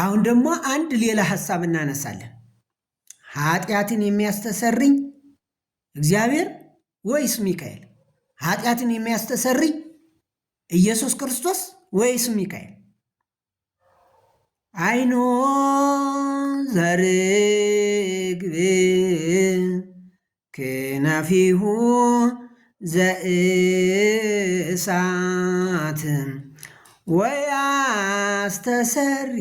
አሁን ደግሞ አንድ ሌላ ሀሳብ እናነሳለን። ኃጢአትን የሚያስተሰርኝ እግዚአብሔር ወይስ ሚካኤል? ኃጢአትን የሚያስተሰርኝ ኢየሱስ ክርስቶስ ወይስ ሚካኤል? አይኖ ዘርግብ ክናፊሁ ዘእሳትም ወያስተሰሪ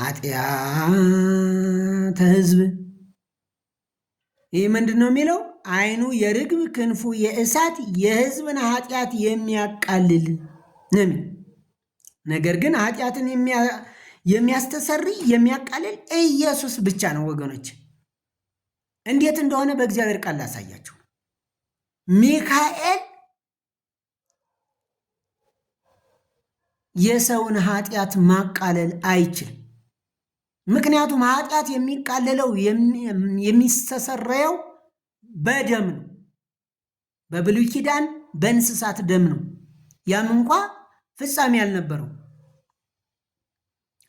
ኃጢአተ ሕዝብ ይህ ምንድን ነው የሚለው? አይኑ የርግብ ክንፉ የእሳት የሕዝብን ኃጢአት የሚያቃልል ነው። ነገር ግን ኃጢአትን የሚያስተሰሪ የሚያቃልል ኢየሱስ ብቻ ነው። ወገኖች እንዴት እንደሆነ በእግዚአብሔር ቃል ላሳያችሁ። ሚካኤል የሰውን ኃጢአት ማቃለል አይችልም። ምክንያቱም ኃጢአት የሚቃለለው የሚሰሰረየው በደም ነው። በብሉይ ኪዳን በእንስሳት ደም ነው። ያም እንኳ ፍጻሜ አልነበረው።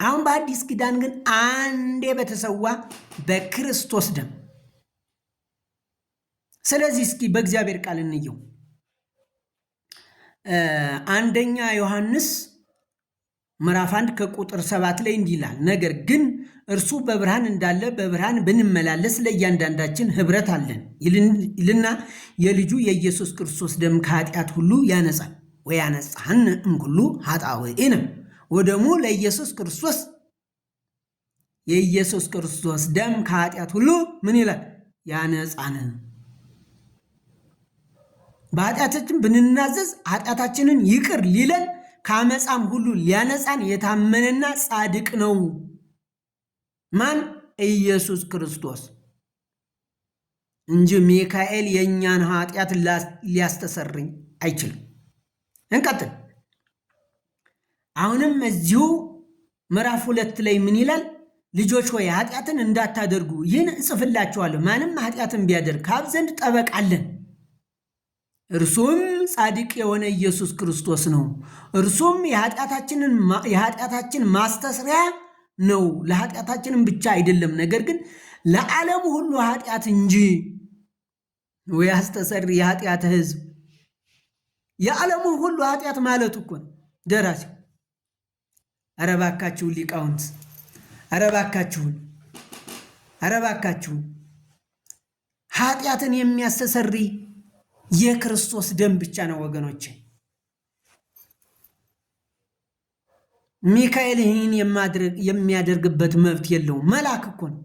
አሁን በአዲስ ኪዳን ግን አንዴ በተሰዋ በክርስቶስ ደም። ስለዚህ እስኪ በእግዚአብሔር ቃል እንየው አንደኛ ዮሐንስ ምዕራፍ አንድ ከቁጥር ሰባት ላይ እንዲህ ይላል፣ ነገር ግን እርሱ በብርሃን እንዳለ በብርሃን ብንመላለስ ለእያንዳንዳችን ህብረት አለን ይልና የልጁ የኢየሱስ ክርስቶስ ደም ከኃጢአት ሁሉ ያነጻል። ወያነጻን እምኩሉ ኃጣውኢነ ወደሙ ለኢየሱስ ክርስቶስ የኢየሱስ ክርስቶስ ደም ከኃጢአት ሁሉ ምን ይላል? ያነጻን። በኃጢአታችን ብንናዘዝ ኃጢአታችንን ይቅር ሊለን ከአመፃም ሁሉ ሊያነፃን የታመነና ጻድቅ ነው። ማን? ኢየሱስ ክርስቶስ እንጂ ሚካኤል የእኛን ኃጢአት ሊያስተሰርኝ አይችልም። እንቀጥል። አሁንም እዚሁ ምዕራፍ ሁለት ላይ ምን ይላል? ልጆች ሆይ ኃጢአትን እንዳታደርጉ ይህን እጽፍላችኋለሁ፣ ማንም ኃጢአትን ቢያደርግ ከአብ ዘንድ ጠበቃ አለን እርሱም ጻድቅ የሆነ ኢየሱስ ክርስቶስ ነው። እርሱም የኃጢአታችን ማስተስሪያ ነው። ለኃጢአታችንም ብቻ አይደለም፣ ነገር ግን ለዓለም ሁሉ ኃጢአት እንጂ ወያስተሰሪ የኃጢአት ህዝብ የዓለሙ ሁሉ ኃጢአት ማለት እኮ ነው። ደራሲ አረባካችሁን ሊቃውንት አረባካችሁን አረባካችሁን ኃጢአትን የሚያስተሰሪ የክርስቶስ ደም ብቻ ነው ወገኖቼ። ሚካኤል ይህን የሚያደርግበት መብት የለውም። መልአክ እኮ ነው።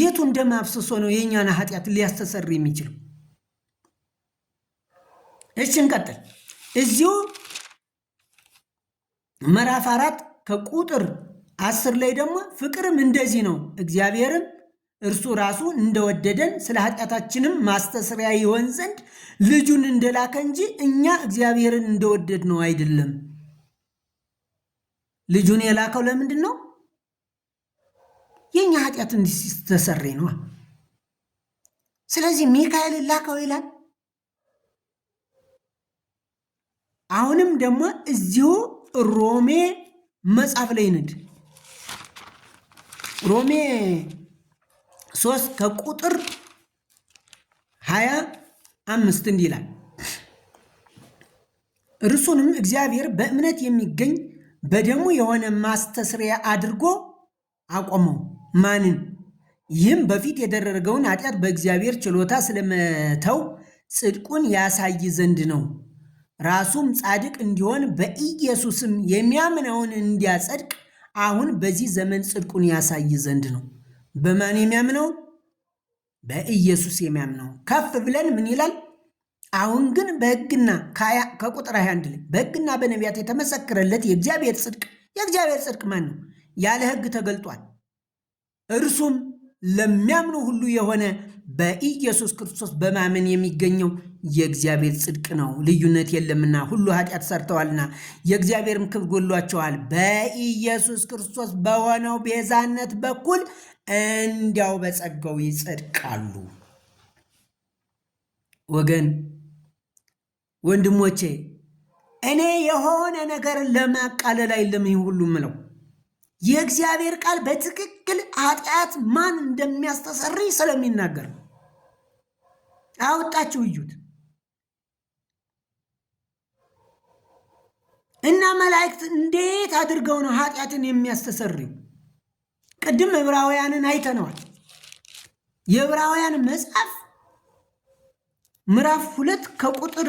የቱን ደም አፍስሶ ነው የእኛን ኃጢአት ሊያስተሰር የሚችለው? እሺ እንቀጥል። እዚሁ ምዕራፍ አራት ከቁጥር አስር ላይ ደግሞ ፍቅርም እንደዚህ ነው እግዚአብሔርም እርሱ ራሱ እንደወደደን ስለ ኃጢአታችንም ማስተስሪያ ይሆን ዘንድ ልጁን እንደላከ እንጂ እኛ እግዚአብሔርን እንደወደድ ነው አይደለም። ልጁን የላከው ለምንድን ነው? የእኛ ኃጢአት እንዲስተሰሬ ነዋ። ስለዚህ ሚካኤል ላከው ይላል። አሁንም ደግሞ እዚሁ ሮሜ መጽሐፍ ላይ ነድ ሮሜ ሶስት ከቁጥር ሀያ አምስት እንዲህ ይላል እርሱንም እግዚአብሔር በእምነት የሚገኝ በደሙ የሆነ ማስተስሪያ አድርጎ አቆመው። ማንን? ይህም በፊት የደረገውን ኃጢአት በእግዚአብሔር ችሎታ ስለመተው ጽድቁን ያሳይ ዘንድ ነው። ራሱም ጻድቅ እንዲሆን በኢየሱስም የሚያምነውን እንዲያጸድቅ አሁን በዚህ ዘመን ጽድቁን ያሳይ ዘንድ ነው። በማን የሚያምነው በኢየሱስ የሚያምነው ከፍ ብለን ምን ይላል? አሁን ግን በሕግና ከቁጥር 21 ላይ በሕግና በነቢያት የተመሰከረለት የእግዚአብሔር ጽድቅ የእግዚአብሔር ጽድቅ ማን ነው? ያለ ሕግ ተገልጧል። እርሱም ለሚያምኑ ሁሉ የሆነ በኢየሱስ ክርስቶስ በማመን የሚገኘው የእግዚአብሔር ጽድቅ ነው። ልዩነት የለምና ሁሉ ኃጢአት ሰርተዋልና የእግዚአብሔርም ክብር ጎሏቸዋል። በኢየሱስ ክርስቶስ በሆነው ቤዛነት በኩል እንዲያው በጸጋው ይጸድቃሉ። ወገን ወንድሞቼ፣ እኔ የሆነ ነገር ለማቃለል አይደለም ይህ ሁሉ ምለው የእግዚአብሔር ቃል በትክክል ኃጢአት ማን እንደሚያስተሰርይ ስለሚናገር ነው። አወጣችሁ እዩት እና መላእክት እንዴት አድርገው ነው ኃጢአትን የሚያስተሰርዩ? ቅድም ዕብራውያንን አይተነዋል። የዕብራውያን መጽሐፍ ምዕራፍ ሁለት ከቁጥር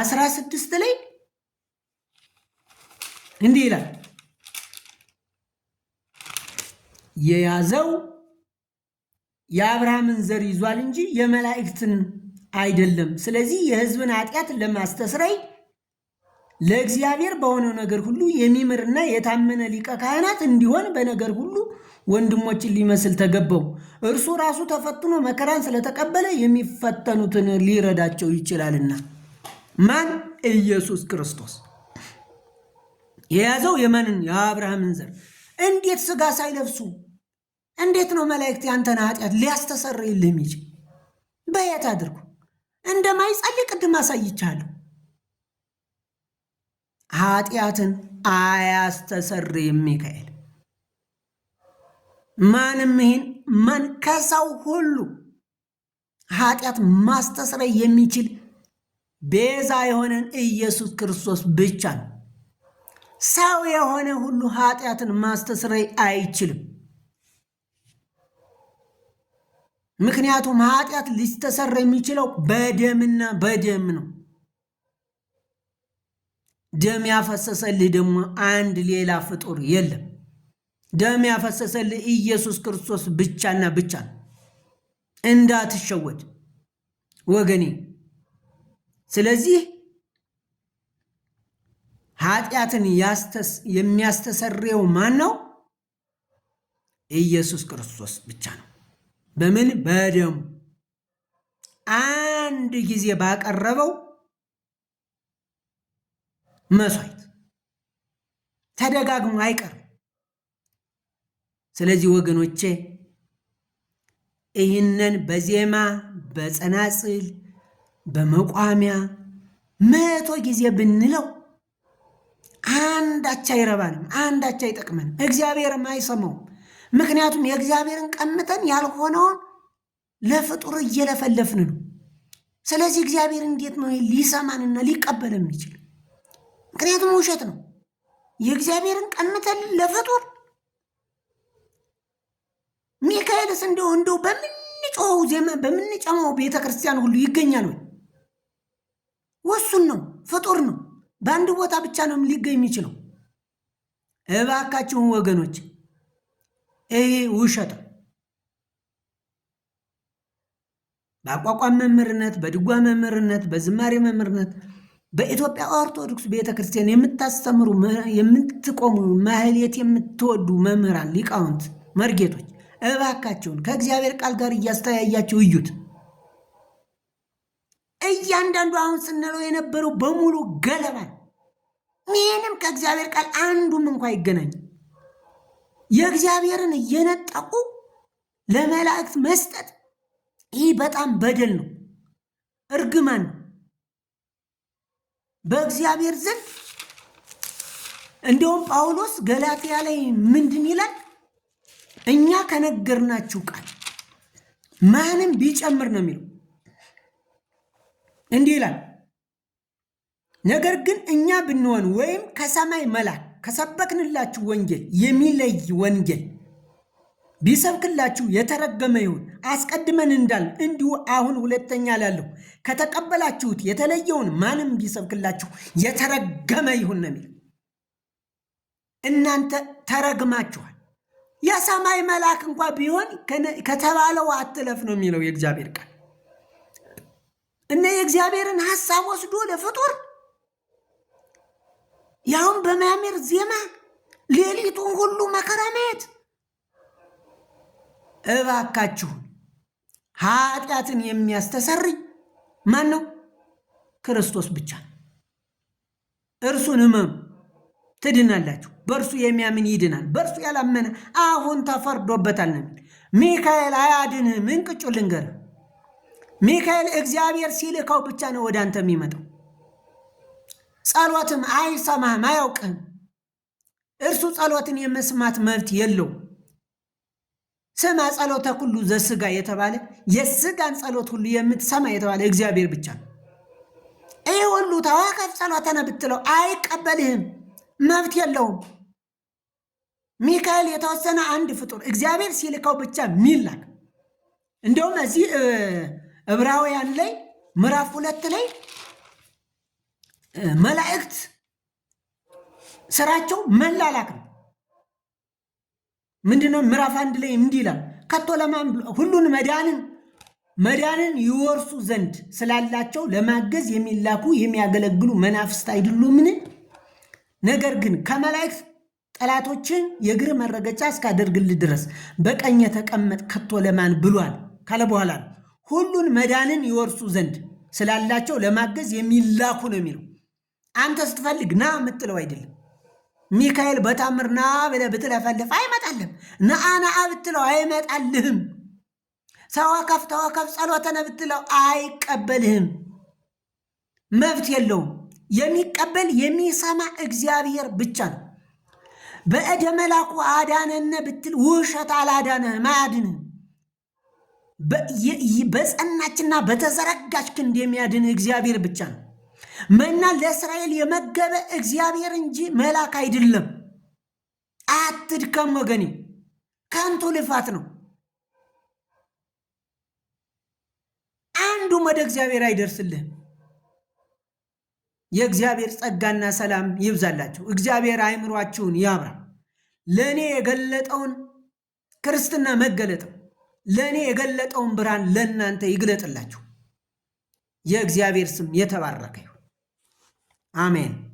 አስራ ስድስት ላይ እንዲህ ይላል የያዘው የአብርሃምን ዘር ይዟል እንጂ የመላእክትን አይደለም። ስለዚህ የሕዝብን ኃጢአት ለማስተስረይ ለእግዚአብሔር በሆነው ነገር ሁሉ የሚምርና የታመነ ሊቀ ካህናት እንዲሆን በነገር ሁሉ ወንድሞችን ሊመስል ተገባው። እርሱ ራሱ ተፈትኖ መከራን ስለተቀበለ የሚፈተኑትን ሊረዳቸው ይችላልና። ማን? ኢየሱስ ክርስቶስ የያዘው የማንን? የአብርሃምን ዘር። እንዴት ስጋ ሳይለብሱ እንዴት ነው መላእክት ያንተን ኃጢአት ሊያስተሰርይልህ የሚችል? በየት አድርጉ እንደማይጸልይ ቅድም አሳይቻለሁ። ኃጢአትን አያስተሰርይም ሚካኤል። ማንም ይህን መንከሳው ከሰው ሁሉ ኃጢአት ማስተስረይ የሚችል ቤዛ የሆነን ኢየሱስ ክርስቶስ ብቻ ነው። ሰው የሆነ ሁሉ ኃጢአትን ማስተስረይ አይችልም። ምክንያቱም ኃጢአት ሊስተሰረ የሚችለው በደምና በደም ነው። ደም ያፈሰሰልህ ደግሞ አንድ ሌላ ፍጡር የለም። ደም ያፈሰሰልህ ኢየሱስ ክርስቶስ ብቻና ብቻ ነው። እንዳትሸወድ ወገኔ። ስለዚህ ኃጢአትን የሚያስተሰርየው ማን ነው? ኢየሱስ ክርስቶስ ብቻ ነው። በምን? በደሙ አንድ ጊዜ ባቀረበው መስዋዕት ተደጋግሞ አይቀርም። ስለዚህ ወገኖቼ ይህንን በዜማ በጸናጽል በመቋሚያ መቶ ጊዜ ብንለው አንዳች አይረባንም፣ አንዳች አይጠቅመንም፣ እግዚአብሔርም አይሰማውም። ምክንያቱም የእግዚአብሔርን ቀምተን ያልሆነውን ለፍጡር እየለፈለፍን ነው። ስለዚህ እግዚአብሔር እንዴት ነው ሊሰማንና ሊቀበል የሚችል? ምክንያቱም ውሸት ነው። የእግዚአብሔርን ቀምተል ለፍጡር ሚካኤልስ እንደው እንደው በምንጮው ዜማ በምንጨማው ቤተ ክርስቲያን ሁሉ ይገኛል ወይ? ወሱን ነው፣ ፍጡር ነው። በአንድ ቦታ ብቻ ነው ሊገኝ የሚችለው። እባካችሁን ወገኖች፣ ይሄ ውሸት ነው። በአቋቋም መምህርነት፣ በድጓ መምህርነት፣ በዝማሬ መምህርነት በኢትዮጵያ ኦርቶዶክስ ቤተ ክርስቲያን የምታስተምሩ የምትቆሙ ማህሌት የምትወዱ መምህራን፣ ሊቃውንት፣ መርጌቶች እባካቸውን ከእግዚአብሔር ቃል ጋር እያስተያያቸው እዩት። እያንዳንዱ አሁን ስንለው የነበረው በሙሉ ገለባል። ምንም ከእግዚአብሔር ቃል አንዱም እንኳ ይገናኝ የእግዚአብሔርን እየነጠቁ ለመላእክት መስጠት ይህ በጣም በደል ነው፣ እርግማን ነው። በእግዚአብሔር ዘንድ እንደውም ጳውሎስ ገላትያ ላይ ምንድን ይላል? እኛ ከነገርናችሁ ቃል ማንም ቢጨምር ነው የሚለው። እንዲህ ይላል፣ ነገር ግን እኛ ብንሆን ወይም ከሰማይ መላክ ከሰበክንላችሁ ወንጌል የሚለይ ወንጌል ቢሰብክላችሁ የተረገመ ይሁን። አስቀድመን እንዳል እንዲሁ አሁን ሁለተኛ ላለሁ ከተቀበላችሁት የተለየውን ማንም ቢሰብክላችሁ የተረገመ ይሁን ነው የሚል። እናንተ ተረግማችኋል። የሰማይ መልአክ እንኳ ቢሆን ከተባለው አትለፍ ነው የሚለው የእግዚአብሔር ቃል እና የእግዚአብሔርን ሀሳብ ወስዶ ለፍጡር ያሁን በሚያምር ዜማ ሌሊቱን ሁሉ መከራ ማየት እባካችሁ ኃጢአትን የሚያስተሰሪ ማን ነው? ክርስቶስ ብቻ። እርሱን እመኑ ትድናላችሁ። በእርሱ የሚያምን ይድናል፣ በእርሱ ያላመነ አሁን ተፈርዶበታል ነው። ሚካኤል አያድንህም። እንቅጩ ልንገርህ፣ ሚካኤል እግዚአብሔር ሲልካው ብቻ ነው ወደ አንተ የሚመጣው። ጸሎትም አይሰማህም፣ አያውቅህም። እርሱ ጸሎትን የመስማት መብት የለውም። ስማ ጸሎተ ሁሉ ዘስጋ የተባለ የስጋን ጸሎት ሁሉ የምትሰማ የተባለ እግዚአብሔር ብቻ ነው። ይህ ሁሉ ተዋከፍ ጸሎተነ ብትለው አይቀበልህም፣ መብት የለውም። ሚካኤል የተወሰነ አንድ ፍጡር እግዚአብሔር ሲልከው ብቻ ሚላክ። እንደውም እዚህ ዕብራውያን ላይ ምዕራፍ ሁለት ላይ መላእክት ስራቸው መላላክ ነው። ምንድነው? ምዕራፍ አንድ ላይ እንዲህ ይላል ከቶ ለማን ሁሉን መዳንን መዳንን ይወርሱ ዘንድ ስላላቸው ለማገዝ የሚላኩ የሚያገለግሉ መናፍስት አይደሉምን? ነገር ግን ከመላእክት ጠላቶችን የእግር መረገጫ እስካደርግል ድረስ በቀኝ የተቀመጥ ከቶ ለማን ብሏል ካለ በኋላ ሁሉን መዳንን ይወርሱ ዘንድ ስላላቸው ለማገዝ የሚላኩ ነው የሚለው። አንተ ስትፈልግ ና የምትለው አይደለም። ሚካኤል በታምር ና ብለህ ብትለፈልፍ አይመጣልህም። ነአና ብትለው አይመጣልህም። ሰዋከፍ ተዋከፍ ጸሎተነ ብትለው አይቀበልህም። መብት የለውም። የሚቀበል የሚሰማ እግዚአብሔር ብቻ ነው። በእደ መላኩ አዳነነ ብትል ውሸት አላዳነህም፣ አያድንህም። በጸናችና በተዘረጋች ክንድ የሚያድንህ እግዚአብሔር ብቻ ነው። መና ለእስራኤል የመገበ እግዚአብሔር እንጂ መልአክ አይደለም። አትድከም ወገኔ፣ ከንቱ ልፋት ነው። አንዱም ወደ እግዚአብሔር አይደርስልህም። የእግዚአብሔር ጸጋና ሰላም ይብዛላችሁ። እግዚአብሔር አይምሯችሁን ያብራ። ለእኔ የገለጠውን ክርስትና መገለጠው ለእኔ የገለጠውን ብርሃን ለእናንተ ይግለጥላችሁ። የእግዚአብሔር ስም የተባረከ ይሁን። Amén.